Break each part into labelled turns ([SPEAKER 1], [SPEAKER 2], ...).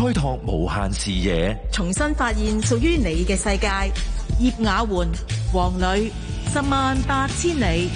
[SPEAKER 1] 開拓無限視野，
[SPEAKER 2] 重新發現屬於你嘅世界。葉雅
[SPEAKER 3] 媛、黃女，十萬八千里。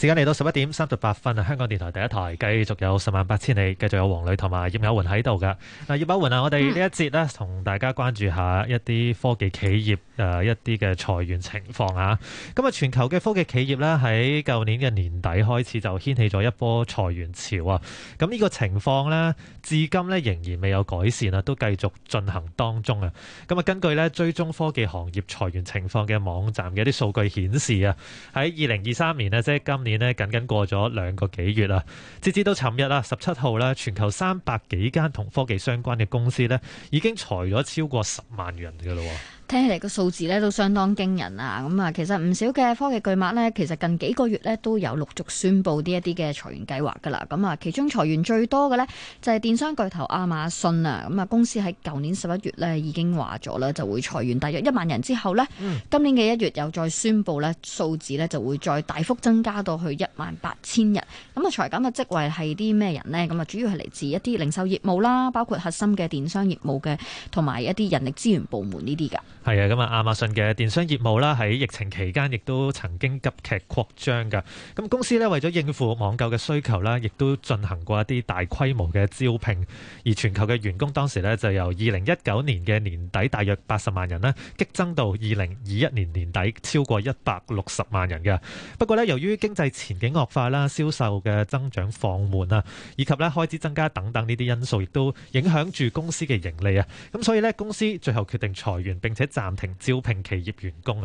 [SPEAKER 1] 時間嚟到十一點三十八分啊！香港電台第一台繼續有十萬八千里，繼續有王磊同埋葉友雲喺度噶。嗱，葉友雲啊，我哋呢一節呢，同大家關注一下一啲科技企業誒，一啲嘅裁員情況啊。咁啊，全球嘅科技企業呢，喺舊年嘅年底開始就掀起咗一波裁員潮啊。咁、這、呢個情況呢，至今呢，仍然未有改善啊，都繼續進行當中啊。咁啊，根據呢，追蹤科技行業裁員情況嘅網站嘅啲數據顯示啊，喺二零二三年呢，即係今年。呢，僅僅過咗兩個幾月啦，直至到尋日啦，十七號啦，全球三百幾間同科技相關嘅公司咧，已經裁咗超過十萬人嘅咯喎。
[SPEAKER 3] 聽起嚟個數字咧都相當驚人啊！咁啊，其實唔少嘅科技巨擘咧，其實近幾個月咧都有陸續宣佈啲一啲嘅裁員計劃噶啦。咁啊，其中裁員最多嘅咧就係電商巨頭亞馬遜啊。咁啊，公司喺舊年十一月咧已經話咗啦，就會裁員大約一萬人。之後咧、嗯，今年嘅一月又再宣佈咧，數字咧就會再大幅增加到去一萬八千人。咁啊，裁減嘅職位係啲咩人呢？咁啊，主要係嚟自一啲零售業務啦，包括核心嘅電商業務嘅同埋一啲人力資源部門呢啲㗎。
[SPEAKER 1] 係啊，咁啊，亞馬遜嘅電商業務啦，喺疫情期間亦都曾經急劇擴張噶。咁公司咧為咗應付網購嘅需求啦，亦都進行過一啲大規模嘅招聘。而全球嘅員工當時咧就由二零一九年嘅年底大約八十萬人啦，激增到二零二一年年底超過一百六十萬人嘅。不過咧，由於經濟前景惡化啦、銷售嘅增長放緩啊，以及咧開支增加等等呢啲因素，亦都影響住公司嘅盈利啊。咁所以咧，公司最後決定裁員，並且暫停招聘企業員工。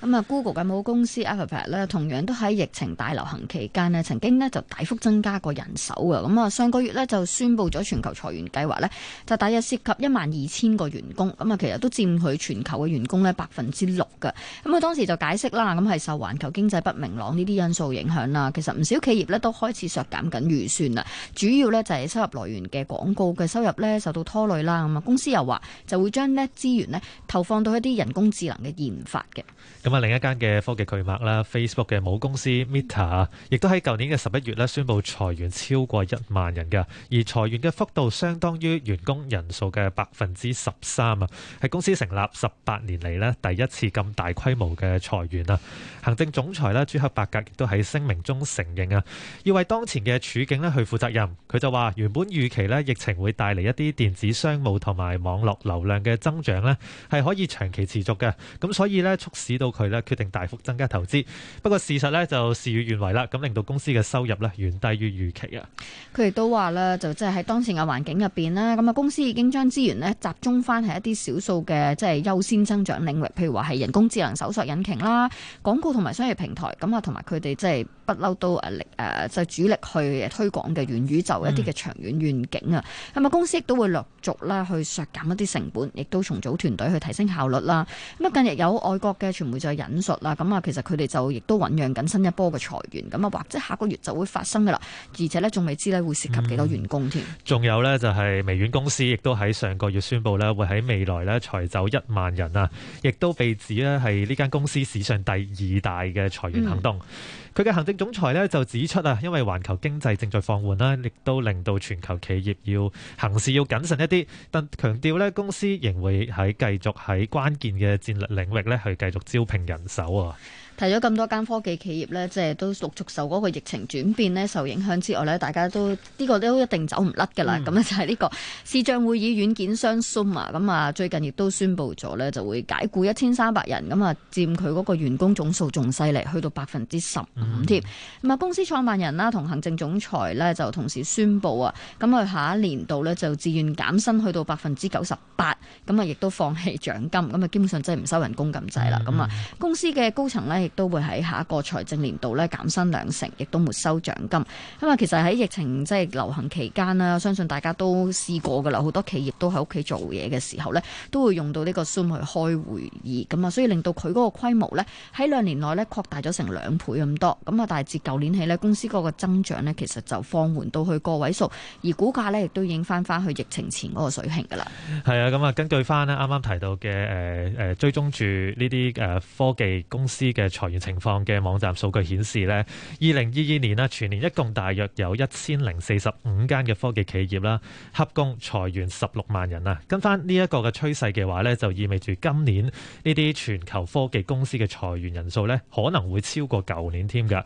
[SPEAKER 3] 咁啊，Google 嘅母公司 Alphabet 咧，同樣都喺疫情大流行期間曾經呢就大幅增加過人手。咁啊，上個月呢就宣布咗全球裁員計劃，就大約涉及一萬二千個員工。咁啊，其實都佔佢全球嘅員工咧百分之六嘅。咁啊，當時就解釋啦，咁係受環球經濟不明朗呢啲因素影響啦。其實唔少企業呢都開始削減緊預算啦，主要咧就係、是、收入來源嘅廣告嘅收入呢受到拖累啦。咁啊，公司又話就會將呢資源投放到一啲人工智能嘅研發嘅。
[SPEAKER 1] 咁啊，另一間嘅科技巨擘啦，Facebook 嘅母公司 Meta 亦都喺舊年嘅十一月咧，宣布裁員超過一萬人噶，而裁員嘅幅度相當於員工人數嘅百分之十三啊，係公司成立十八年嚟咧第一次咁大規模嘅裁員啊！行政總裁啦朱克伯格亦都喺聲明中承認啊，要為當前嘅處境咧去負責任。佢就話原本預期咧疫情會帶嚟一啲電子商務同埋網絡流量嘅增長咧，係可以長期持續嘅，咁所以咧促。使到佢咧決定大幅增加投資。不過事實呢，就事與願違啦，咁令到公司嘅收入呢，遠低於預期啊。
[SPEAKER 3] 佢亦都話咧，就即係喺當前嘅環境入邊啦。咁啊公司已經將資源呢集中翻喺一啲少數嘅即係優先增長領域，譬如話係人工智能搜索引擎啦、廣告同埋商業平台，咁啊同埋佢哋即係不嬲都誒力誒就主力去推廣嘅元宇宙、嗯、一啲嘅長遠願景啊。咁啊公司亦都會陸續咧去削減一啲成本，亦都重組團隊去提升效率啦。咁啊近日有外國嘅。傳媒就引述啦，咁啊，其實佢哋就亦都醖釀緊新一波嘅裁員，咁啊，或者下個月就會發生噶啦，而且呢，仲未知呢會涉及幾多員工添。
[SPEAKER 1] 仲、嗯、有呢，就係微軟公司，亦都喺上個月宣布呢，會喺未來呢裁走一萬人啊，亦都被指呢係呢間公司史上第二大嘅裁員行動。嗯佢嘅行政總裁咧就指出啊，因為環球經濟正在放緩啦，亦都令到全球企業要行事要謹慎一啲，但強調咧公司仍會喺繼續喺關鍵嘅戰略領域咧去繼續招聘人手啊。
[SPEAKER 3] 提咗咁多間科技企業咧，即係都陸續受嗰個疫情轉變咧受影響之外咧，大家都呢、呢個都一定走唔甩㗎啦。咁、嗯、啊就係呢、呢個視像會議軟件商 Zoom 啊，咁啊最近亦都宣布咗咧就會解僱一千三百人，咁啊佔佢嗰個員工總數仲犀利，去到百分之十五添。咁啊公司創辦人啦同行政總裁咧就同時宣布啊，咁佢下一年度咧就自願減薪去到百分之九十八，咁啊亦都放棄獎金，咁啊基本上真係唔收人工咁滯啦。咁、嗯、啊公司嘅高層咧，亦都會喺下一個財政年度咧減薪兩成，亦都沒收獎金。咁啊，其實喺疫情即係流行期間啦，我相信大家都試過噶啦，好多企業都喺屋企做嘢嘅時候呢都會用到呢個 Zoom 去開會議。咁啊，所以令到佢嗰個規模呢喺兩年內呢擴大咗成兩倍咁多。咁啊，大致自舊年起呢，公司嗰個增長呢其實就放緩到去個位數，而股價呢亦都已經翻翻去疫情前嗰個水平噶啦。
[SPEAKER 1] 係啊，咁啊，根據翻呢啱啱提到嘅誒誒，追蹤住呢啲誒科技公司嘅。裁員情況嘅網站數據顯示呢，二零二二年啦，全年一共大約有一千零四十五間嘅科技企業啦，合共裁員十六萬人啊。跟翻呢一個嘅趨勢嘅話呢，就意味住今年呢啲全球科技公司嘅裁員人數咧，可能會超過舊年添㗎。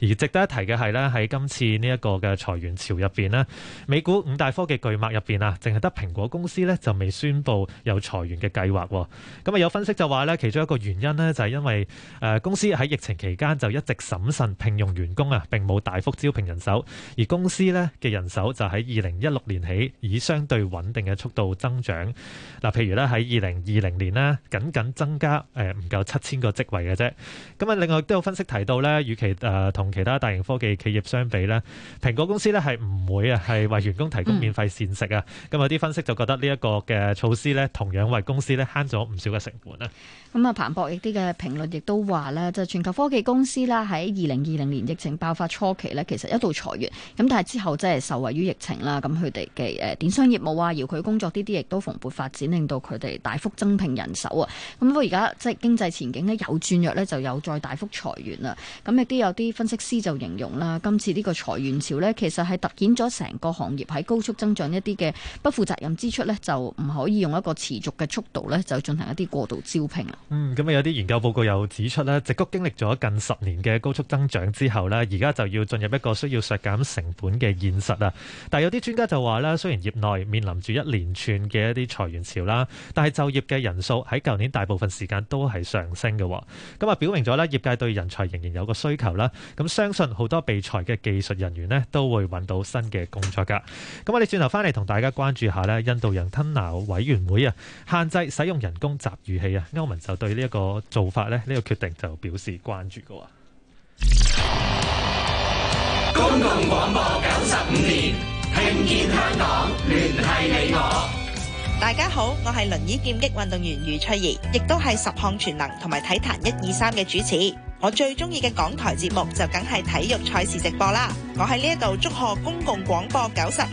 [SPEAKER 1] 而值得一提嘅係咧，喺今次呢一個嘅裁員潮入邊，咧，美股五大科技巨擘入邊啊，淨係得蘋果公司呢就未宣布有裁員嘅計劃，咁啊有分析就話呢，其中一個原因呢，就係因為誒、呃、公司喺疫情期間就一直審慎聘用員工啊，並冇大幅招聘人手。而公司呢嘅人手就喺二零一六年起以相對穩定嘅速度增長，嗱，譬如咧喺二零二零年咧，僅僅增加誒唔夠七千個職位嘅啫。咁啊，另外都有分析提到呢，與其誒同、呃其他大型科技企業相比呢，蘋果公司呢係唔會啊，係為員工提供免費膳食啊。咁、嗯、有啲分析就覺得呢一個嘅措施呢同樣為公司呢慳咗唔少嘅成本啊。
[SPEAKER 3] 咁啊，彭博亦啲嘅評論亦都話呢，就全球科技公司啦，喺二零二零年疫情爆發初期呢，其實一度裁員，咁但係之後即係受惠於疫情啦，咁佢哋嘅誒電商業務啊、遙距工作呢啲，亦都蓬勃發展，令到佢哋大幅增聘人手啊。咁不過而家即係經濟前景呢有轉弱呢就有再大幅裁員啦。咁亦都有啲分析。司就形容啦，今次呢個裁員潮咧，其實，係凸顯咗成個行業喺高速增長一啲嘅不負責任支出咧，就唔可以用一個持續嘅速度咧，就進行一啲過度招聘啊嗯，
[SPEAKER 1] 咁啊有啲研究報告又指出咧，直谷經歷咗近十年嘅高速增長之後咧，而家就要進入一個需要削減成本嘅現實啊。但係有啲專家就話咧，雖然業內面臨住一連串嘅一啲裁員潮啦，但係就業嘅人數喺舊年大部分時間都係上升嘅，咁啊表明咗咧業界對人才仍然有個需求啦。咁相信好多被裁嘅技術人員呢，都會揾到新嘅工作噶。咁我哋轉頭翻嚟同大家關注下呢，印度洋吞拿魚委員會啊，限制使用人工集魚器啊。歐盟就對呢一個做法呢，呢個決定就表示關注噶。
[SPEAKER 3] 公共廣播九十五
[SPEAKER 1] 年，聽見香港，聯繫你我。大家好，我係輪椅劍擊運
[SPEAKER 2] 動員余翠怡，亦都係十項全能同埋體壇一二三嘅主持。我最鍾意嘅港台節目就梗係體育賽事直播啦，我喺呢度祝賀公共廣播95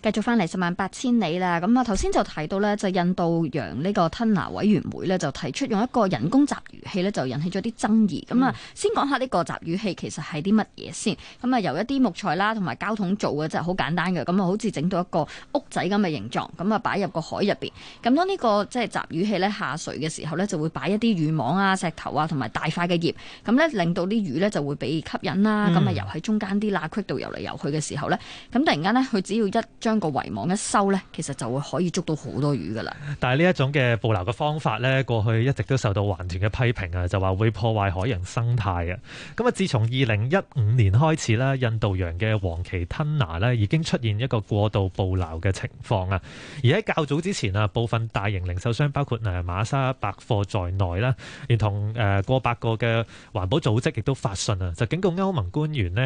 [SPEAKER 3] 繼續翻嚟十萬八千里啦，咁啊頭先就提到咧，就印度洋呢個吞拿委員會咧就提出用一個人工集魚器咧就引起咗啲爭議。咁、嗯、啊，先講下呢個集魚器其實係啲乜嘢先？咁啊，由一啲木材啦同埋膠桶做嘅，即係好簡單嘅。咁啊，好似整到一個屋仔咁嘅形狀。咁啊，擺入個海入邊。咁當呢個即係集魚器咧下水嘅時候咧，就會擺一啲魚網啊、石頭啊同埋大塊嘅葉。咁咧令到啲魚咧就會被吸引啦。咁啊遊喺中間啲罅隙度游嚟游去嘅時候咧，咁突然間咧佢只要一將個圍網一收呢，其實就會可以捉到好多魚㗎喇。
[SPEAKER 1] 但係呢一種嘅捕撈嘅方法呢，過去一直都受到環團嘅批評啊，就話會破壞海洋生態啊。咁啊，自從二零一五年開始啦，印度洋嘅黃鰭吞拿呢已經出現一個過度捕撈嘅情況啊。而喺較早之前啊，部分大型零售商包括誒瑪莎百貨在內啦，連同誒過百個嘅環保組織亦都發信啊，就警告歐盟官員呢，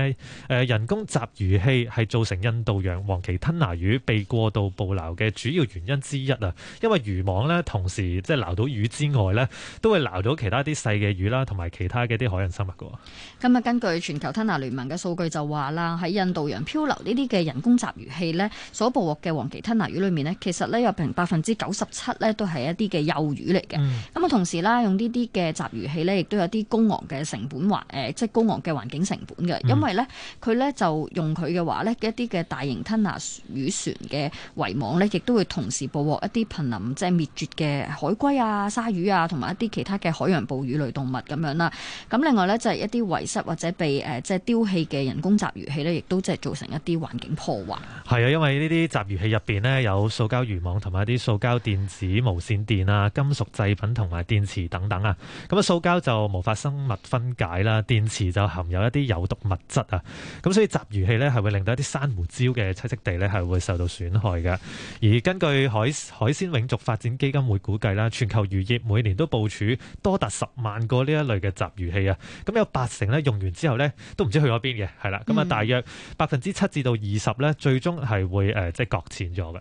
[SPEAKER 1] 誒人工集魚器係造成印度洋黃鰭吞拿。魚被過度捕撈嘅主要原因之一啊，因為漁網呢，同時即係撈到魚之外呢，都會撈到其他啲細嘅魚啦，同埋其他嘅啲海洋生物噶。
[SPEAKER 3] 今日根據全球吞拿聯盟嘅數據就話啦，喺印度洋漂流呢啲嘅人工集魚器呢，所捕獲嘅黃鰭吞拿魚裏面呢，其實呢，有平百分之九十七呢都係一啲嘅幼魚嚟嘅。咁、嗯、啊，同時啦，用呢啲嘅集魚器呢，亦都有啲高昂嘅成本環、呃、即係高昂嘅環境成本嘅，因為呢，佢呢就用佢嘅話呢，一啲嘅大型吞拿魚。漁船嘅遺網呢亦都會同時捕獲一啲瀕臨即係滅絕嘅海龜啊、鯊魚啊，同埋一啲其他嘅海洋哺乳類動物咁樣啦。咁另外呢，就係一啲遺失或者被誒即係丟棄嘅人工集魚器呢，亦都即係造成一啲環境破壞。
[SPEAKER 1] 係啊，因為呢啲集魚器入邊呢，有塑膠魚網同埋一啲塑膠電子無線電啊、金屬製品同埋電池等等啊。咁啊，塑膠就無法生物分解啦，電池就含有一啲有毒物質啊。咁所以集魚器呢，係會令到一啲珊瑚礁嘅棲息地呢，係。會受到損害嘅。而根據海海鮮永續發展基金會估計啦，全球漁業每年都部署多達十萬個呢一類嘅集魚器啊。咁有八成咧用完之後咧，都唔知去咗邊嘅。係啦，咁啊大約百分之七至到二十咧，最終係會誒即係擱淺咗嘅。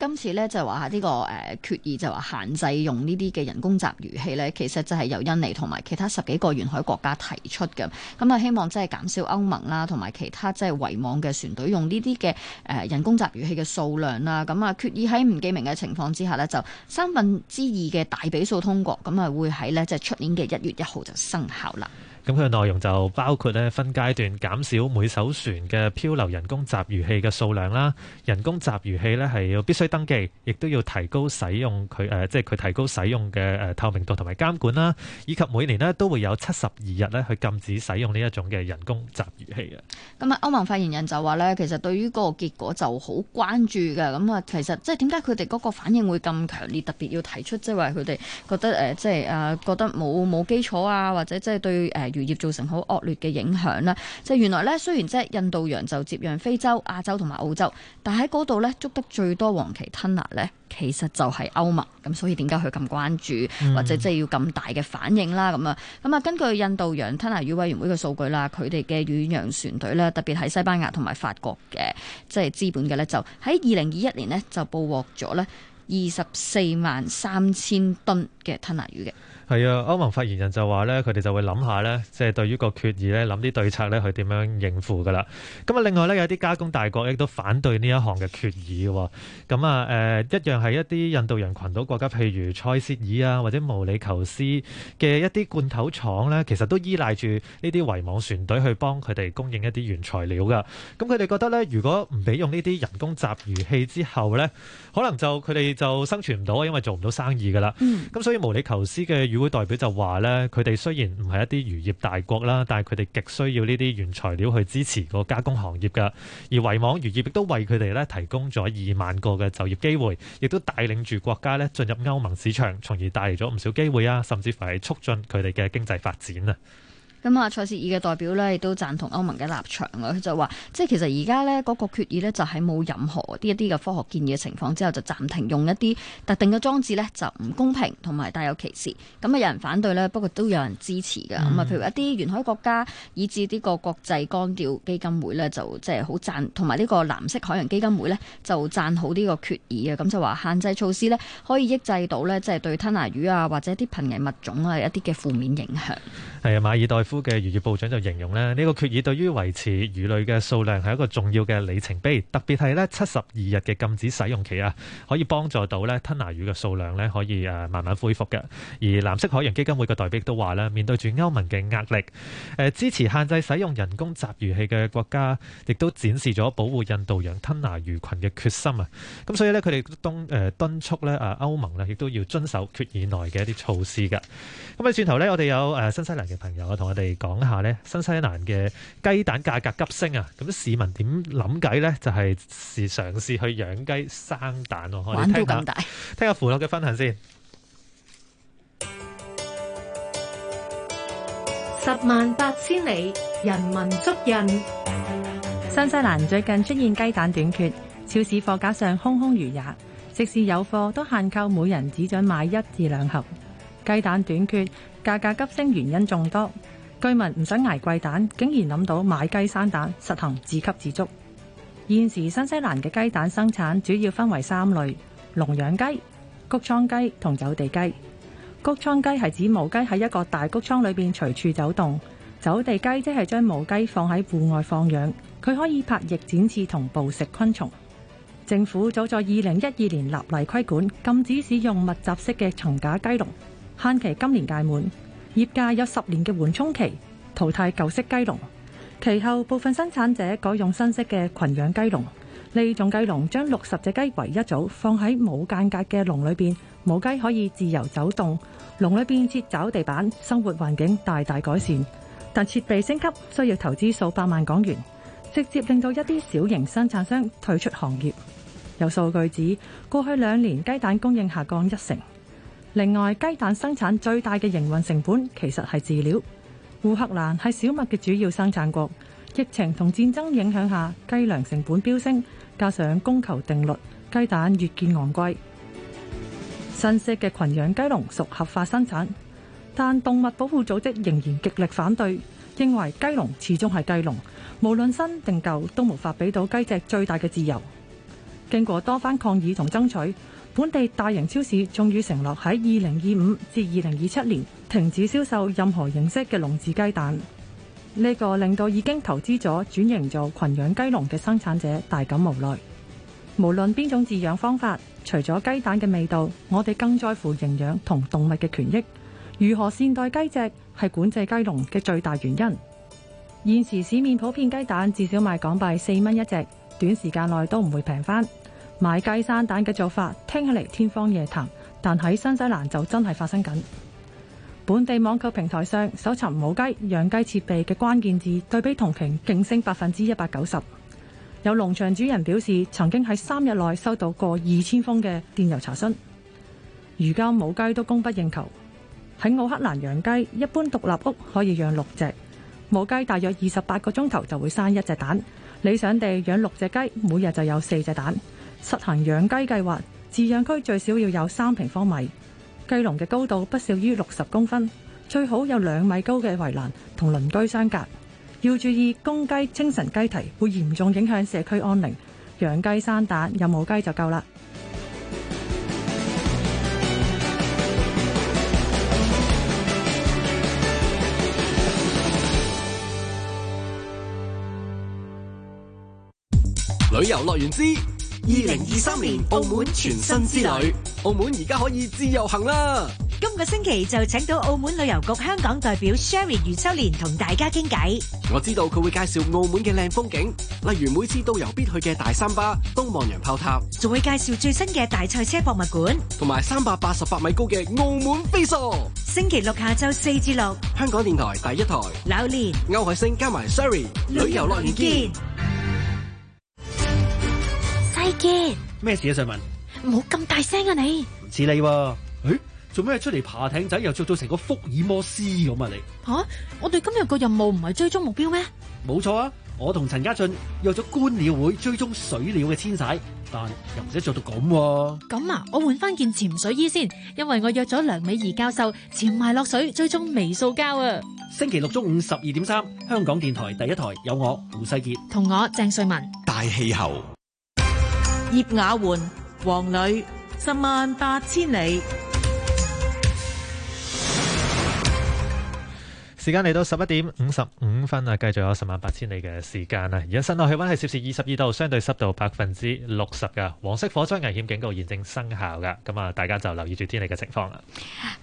[SPEAKER 3] 今次咧就話喺呢個誒決議就話限制用呢啲嘅人工集魚器咧，其實就係由印尼同埋其他十幾個沿海國家提出嘅。咁啊，希望即係減少歐盟啦同埋其他即係圍網嘅船隊用呢啲嘅誒人工集魚器嘅數量啦。咁啊，決議喺唔記名嘅情況之下咧，就三分之二嘅大比數通過，咁啊會喺咧即係出年嘅一月一號就生效啦。
[SPEAKER 1] 咁佢嘅內容就包括咧分階段減少每艘船嘅漂流人工集魚器嘅數量啦，人工集魚器咧係要必須登記，亦都要提高使用佢誒、呃，即係佢提高使用嘅誒透明度同埋監管啦，以及每年咧都會有七十二日咧去禁止使用呢一種嘅人工集
[SPEAKER 3] 魚器嘅。咁啊，歐盟發言人就話咧，其實對於嗰個結果就好關注嘅。咁啊，其實即係點解佢哋嗰個反應會咁強烈，特別要提出即係話佢哋覺得誒、呃、即係誒、呃、覺得冇冇基礎啊，或者即係對誒。呃漁業造成好惡劣嘅影響啦，就原來咧雖然即係印度洋就接壤非洲、亞洲同埋澳洲，但喺嗰度咧捉得最多黃鰭吞拿咧，其實就係歐盟，咁所以點解佢咁關注或者即係要咁大嘅反應啦？咁啊，咁啊，根據印度洋吞拿魚委員會嘅數據啦，佢哋嘅遠洋船隊咧，特別喺西班牙同埋法國嘅即係資本嘅咧，在就喺二零二一年咧就捕獲咗咧二十四萬三千噸嘅吞拿魚嘅。
[SPEAKER 1] 係啊，歐盟發言人就話咧，佢哋就會諗下咧，即係對於個決議咧，諗啲對策咧，佢點樣應付噶啦。咁啊，另外咧，有啲加工大國亦都反對呢一行嘅決議喎。咁啊，誒一樣係一啲印度人群島國家，譬如塞舌爾啊，或者毛里求斯嘅一啲罐頭廠咧，其實都依賴住呢啲圍網船隊去幫佢哋供應一啲原材料噶。咁佢哋覺得咧，如果唔俾用呢啲人工集魚器之後咧，可能就佢哋就生存唔到，因為做唔到生意噶啦。咁、嗯、所以毛里求斯嘅議會代表就話咧，佢哋雖然唔係一啲漁業大國啦，但係佢哋極需要呢啲原材料去支持個加工行業㗎。而圍網漁業亦都為佢哋咧提供咗二萬個嘅就業機會，亦都帶領住國家咧進入歐盟市場，從而帶嚟咗唔少機會啊，甚至乎係促進佢哋嘅經濟發展啊。
[SPEAKER 3] 咁啊，塞舌爾嘅代表咧亦都贊同歐盟嘅立場啊！佢就話，即係其實而家咧嗰個決議咧就喺、是、冇任何啲一啲嘅科學建議嘅情況之後就暫停用一啲特定嘅裝置咧，就唔公平同埋帶有歧視，咁啊，有人反對咧，不過都有人支持嘅。咁、嗯、啊，譬如一啲沿海國家，以至呢個國際竿釣基金會咧，就即係好贊同埋呢個藍色海洋基金會咧，就贊好呢個決議啊！咁就話限制措施咧，可以抑制到咧，即、就、係、是、對吞拿魚啊或者啲瀕危物種啊一啲嘅負面影響
[SPEAKER 1] 係啊，馬爾代。夫嘅漁業部長就形容呢，呢、呢個決議對於維持魚類嘅數量係一個重要嘅里程碑，特別係呢七十二日嘅禁止使用期啊，可以幫助到呢吞拿魚嘅數量呢可以誒慢慢恢復嘅。而藍色海洋基金會嘅代表都話咧，面對住歐盟嘅壓力，誒支持限制使用人工集魚器嘅國家，亦都展示咗保護印度洋吞拿魚群嘅決心啊。咁所以呢，佢哋敦誒敦促咧啊歐盟咧，亦都要遵守決議內嘅一啲措施嘅。咁啊，轉頭呢，我哋有新西蘭嘅朋友啊，同我。嚟講一下咧，新西蘭嘅雞蛋價格急升啊！咁市民點諗計呢？就係是嘗試，試去養雞生蛋哦。玩到咁大，聽下符樂嘅分享先。
[SPEAKER 2] 十萬八千里，人民足印。新西蘭最近出現雞蛋短缺，超市貨架上空空如也，即使有貨都限購，每人只准買一至兩盒。雞蛋短缺，價格急升，原因眾多。居民唔想挨貴蛋，竟然諗到買雞生蛋，實行自給自足。現時新西蘭嘅雞蛋生產主要分為三類：籠養雞、谷倉雞同走地雞。谷倉雞係指母雞喺一個大谷倉裏面隨處走動；走地雞即係將母雞放喺戶外放養，佢可以拍翼展翅同捕食昆蟲。政府早在二零一二年立例規管，禁止使用密集式嘅層架雞籠，限期今年屆滿。業界有十年嘅緩衝期淘汰舊式雞籠，其後部分生產者改用新式嘅群養雞籠。呢種雞籠將六十隻雞為一組放喺冇間隔嘅籠裏邊，母雞可以自由走動，籠裏邊設走地板，生活環境大大改善。但設備升級需要投資數百萬港元，直接令到一啲小型生產商退出行業。有數據指，過去兩年雞蛋供應下降一成。另外，雞蛋生產最大嘅營運成本其實係飼料。烏克蘭係小麥嘅主要生產國，疫情同戰爭影響下，雞糧成本飆升，加上供求定律，雞蛋越見昂貴。新式嘅群養雞籠屬合法生產，但動物保護組織仍然極力反對，認為雞籠始終係雞籠，無論新定舊，都無法俾到雞隻最大嘅自由。經過多番抗議同爭取，本地大型超市終於承諾喺二零二五至二零二七年停止銷售任何形式嘅籠子雞蛋。呢個令到已經投資咗轉型做群養雞籠嘅生產者大感無奈。無論邊種飼養方法，除咗雞蛋嘅味道，我哋更在乎營養同動物嘅權益。如何善待雞隻，係管制雞籠嘅最大原因。現時市面普遍雞蛋至少賣港幣四蚊一隻，短時間內都唔會平翻。買雞生蛋嘅做法聽起嚟，天方夜譚，但喺新西蘭就真係發生緊。本地網購平台上搜尋母雞、養雞設備嘅關鍵字，對比同期勁升百分之一百九十。有農場主人表示，曾經喺三日內收到過二千封嘅電郵查詢，如今母雞都供不應求。喺奧克蘭養雞，一般獨立屋可以養六隻母雞，大約二十八個鐘頭就會生一隻蛋。理想地養六隻雞，每日就有四隻蛋。實行養雞計劃，飼養區最少要有三平方米，雞籠嘅高度不少於六十公分，最好有兩米高嘅圍欄同鄰居相隔。要注意公雞清晨雞啼會嚴重影響社區安寧，養雞生蛋有冇雞就夠啦。
[SPEAKER 1] 旅遊樂園之。二零二三年澳門全新之旅，澳門而家可以自由行啦！
[SPEAKER 2] 今個星期就
[SPEAKER 1] 請到澳門旅遊局
[SPEAKER 2] 香港代表 Sherry 余秋蓮同大家傾偈。我
[SPEAKER 1] 知道佢會介紹澳門嘅
[SPEAKER 2] 靚風景，例如每次導遊必去嘅大三巴、東望洋炮塔，仲會介紹最新嘅大賽車博物館，同埋三百八十八米高嘅澳門飛索。星期
[SPEAKER 1] 六下晝四至六，香港電台第一台，劉蓮歐海星加埋 Sherry，旅遊樂園見。咩事啊？瑞文，
[SPEAKER 2] 唔好咁大聲啊！你
[SPEAKER 1] 唔似你、啊、誒，做咩出嚟爬艇仔？又着到成個福爾摩斯咁啊！你吓、
[SPEAKER 2] 啊，我哋今日個任務唔係追蹤目標咩？
[SPEAKER 1] 冇錯啊！我同陳家俊約咗觀鳥會追蹤水鳥嘅遷徙，但又唔使做到咁。
[SPEAKER 2] 咁啊，我換翻件潛水衣先，因為我約咗梁美儀教授潛埋落水追蹤微塑膠啊！
[SPEAKER 1] 星期六中午十二點三，香港電台第一台有我胡世傑
[SPEAKER 2] 同我鄭瑞文
[SPEAKER 1] 大氣候。
[SPEAKER 2] 葉雅媛、
[SPEAKER 3] 黃磊，十萬八千里。
[SPEAKER 1] 時間嚟到十一點五十五分啊，繼續有十萬八千里嘅時間啊！而家室內氣溫係攝氏二十二度，相對濕度百分之六十噶，黃色火災危險警告現正生效噶。咁啊，大家就留意住天氣嘅情況啦。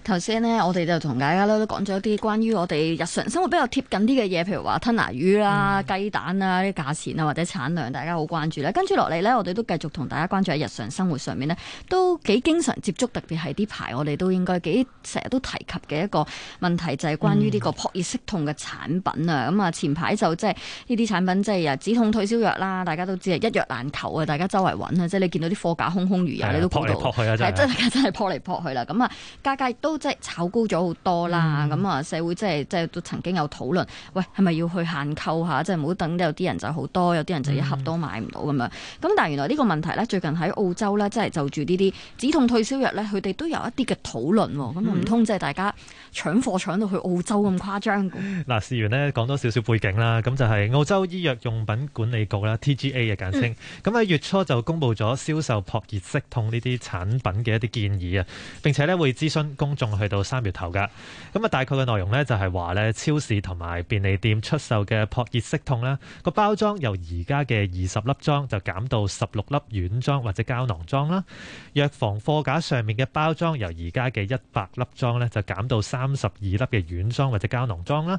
[SPEAKER 3] 頭先呢，我哋就同大家都講咗啲關於我哋日常生活比較貼近啲嘅嘢，譬如話吞拿魚啦、雞、嗯、蛋啦啲價錢啊，或者產量，大家好關注咧。跟住落嚟呢，我哋都繼續同大家關注喺日常生活上面咧，都幾經常接觸，特別係呢排我哋都應該幾成日都提及嘅一個問題，就係、是、關於呢個。熱息痛嘅產品啊，咁啊，前排就即係呢啲產品，即係啊止痛退燒藥啦，大家都知係一藥難求啊，大家周圍揾啊，即係你見到啲貨架空空如也，你都見到，係、啊、真係真係撲嚟撲去啦。咁啊，價格都即係炒高咗好多啦。咁、嗯、啊，社會即係即係都曾經有討論，喂，係咪要去限購下即係唔好等有啲人就好多，有啲人就一盒都買唔到咁樣。咁、嗯、但係原來呢個問題呢，最近喺澳洲呢，即係就住呢啲止痛退燒藥呢，佢哋都有一啲嘅討論。咁唔通即係大家搶貨搶到去澳洲咁誇
[SPEAKER 1] 嗱，試完咧講多少少背景啦，咁就係澳洲醫藥用品管理局啦 （TGA） 嘅簡稱。咁、嗯、喺月初就公布咗銷售撲熱息痛呢啲產品嘅一啲建議啊，並且咧會諮詢公眾去到三月頭噶。咁啊，大概嘅內容咧就係話咧，超市同埋便利店出售嘅撲熱息痛啦，個包裝由而家嘅二十粒裝就減到十六粒軟裝或者膠囊裝啦。藥房貨架上面嘅包裝由而家嘅一百粒裝咧，就減到三十二粒嘅軟裝或者膠。農莊啦，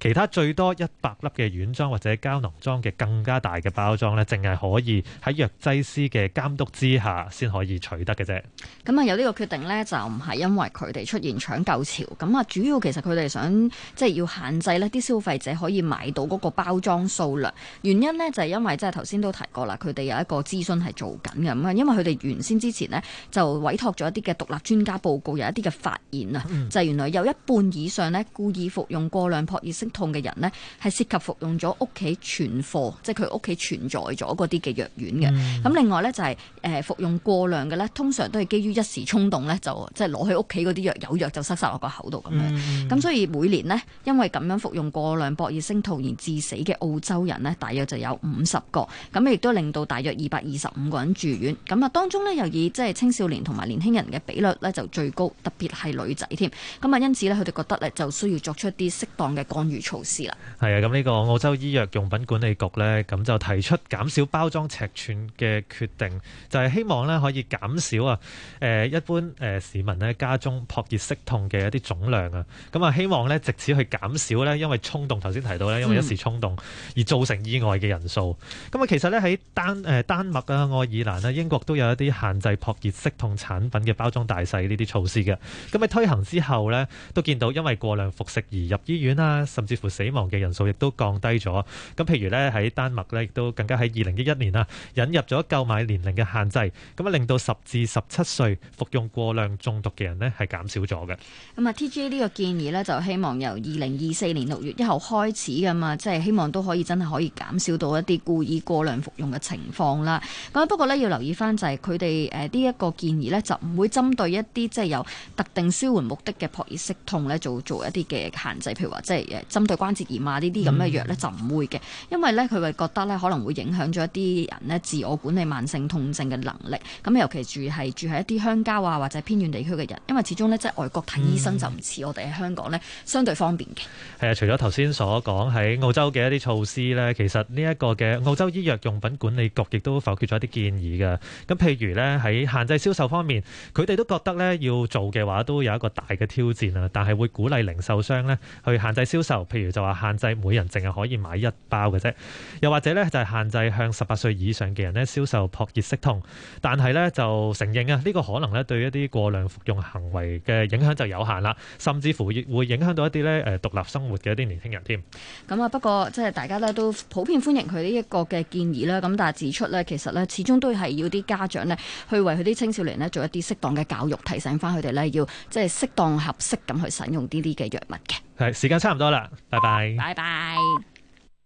[SPEAKER 1] 其他最多一百粒嘅軟裝或者膠囊裝嘅更加大嘅包裝咧，淨係可以喺藥劑師嘅監督之下先可以取得嘅啫。
[SPEAKER 3] 咁啊，有呢個決定呢，就唔係因為佢哋出現搶購潮，咁啊，主要其實佢哋想即係、就是、要限制呢啲消費者可以買到嗰個包裝數量。原因呢，就係、是、因為即係頭先都提過啦，佢哋有一個諮詢係做緊嘅，咁啊，因為佢哋原先之前呢，就委託咗一啲嘅獨立專家報告，有一啲嘅發現啊，就係、原來有一半以上呢，故意服。用過量撲熱息痛嘅人呢，係涉及服用咗屋企存貨，即係佢屋企存在咗嗰啲嘅藥丸嘅。咁、嗯、另外呢、就是，就、呃、係服用過量嘅呢，通常都係基於一時衝動呢，就即係攞去屋企嗰啲藥有藥就塞曬落個口度咁樣。咁、嗯、所以每年呢，因為咁樣服用過量撲熱息痛而致死嘅澳洲人呢，大約就有五十個。咁亦都令到大約二百二十五個人住院。咁啊，當中呢，又以即係、就是、青少年同埋年輕人嘅比率呢，就最高，特別係女仔添。咁啊，因此呢，佢哋覺得呢，就需要作出啲適當嘅干預措施啦。
[SPEAKER 1] 係啊，咁呢個澳洲醫藥用品管理局呢，咁就提出減少包裝尺寸嘅決定，就係、是、希望呢可以減少啊，誒、呃、一般誒、呃、市民呢，家中撲熱息痛嘅一啲總量啊。咁啊，希望呢，藉此去減少呢，因為衝動頭先提到呢，因為一時衝動而造成意外嘅人數。咁、嗯、啊，其實呢，喺丹誒、呃、丹麥啊、愛爾蘭啊，英國都有一啲限制撲熱息痛產品嘅包裝大細呢啲措施嘅。咁喺推行之後呢，都見到因為過量服食而入醫院啦，甚至乎死亡嘅人數亦都降低咗。咁譬如呢，喺丹麥呢，亦都更加喺二零一一年啊，引入咗購買年齡嘅限制，咁啊令到十至十七歲服用過量中毒嘅人呢係減少咗嘅。
[SPEAKER 3] 咁啊，TGA 呢個建議呢，就希望由二零二四年六月一號開始噶嘛，即係希望都可以真係可以減少到一啲故意過量服用嘅情況啦。咁不過呢，要留意翻就係佢哋誒呢一個建議呢，就唔會針對一啲即係有特定舒緩目的嘅撲熱息痛呢，做做一啲嘅限制。譬如話，即係誒針對關節炎啊呢啲咁嘅藥呢，就唔會嘅，因為呢，佢會覺得呢，可能會影響咗一啲人呢自我管理慢性痛症嘅能力。咁尤其是住係住喺一啲鄉郊啊或者偏遠地區嘅人，因為始終呢，即係外國睇醫生就唔似我哋喺香港呢、嗯、相對方便嘅。
[SPEAKER 1] 係啊，除咗頭先所講喺澳洲嘅一啲措施呢，其實呢一個嘅澳洲醫藥用品管理局亦都否決咗一啲建議㗎。咁譬如呢，喺限制銷售方面，佢哋都覺得呢，要做嘅話，都有一個大嘅挑戰啊。但係會鼓勵零售商呢。去限制銷售，譬如就話限制每人淨係可以買一包嘅啫。又或者呢，就係限制向十八歲以上嘅人呢銷售撲熱息痛。但係呢，就承認啊，呢個可能呢對一啲過量服用行為嘅影響就有限啦，甚至乎會影響到一啲呢誒獨立生活嘅一啲年輕人添。
[SPEAKER 3] 咁啊，不過即係大家呢都普遍歡迎佢呢一個嘅建議啦。咁但係指出呢，其實呢，始終都係要啲家長呢去為佢啲青少年呢做一啲適當嘅教育，提醒翻佢哋呢，要即係適當合適咁去使用呢啲嘅藥物嘅。
[SPEAKER 1] 係時間差唔多啦，拜拜！拜拜。